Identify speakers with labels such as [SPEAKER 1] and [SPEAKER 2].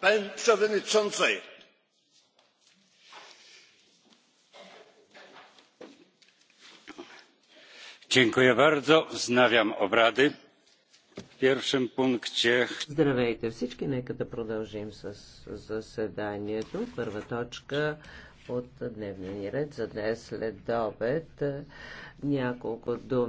[SPEAKER 1] pani przewodniczącej!
[SPEAKER 2] dziękuję bardzo. wznawiam obrady. w pierwszym punkcie.
[SPEAKER 3] Здравейте всички, нека да продължим с заседанието. Първа точка
[SPEAKER 4] от дневния ред за днес след обед. Няколко думи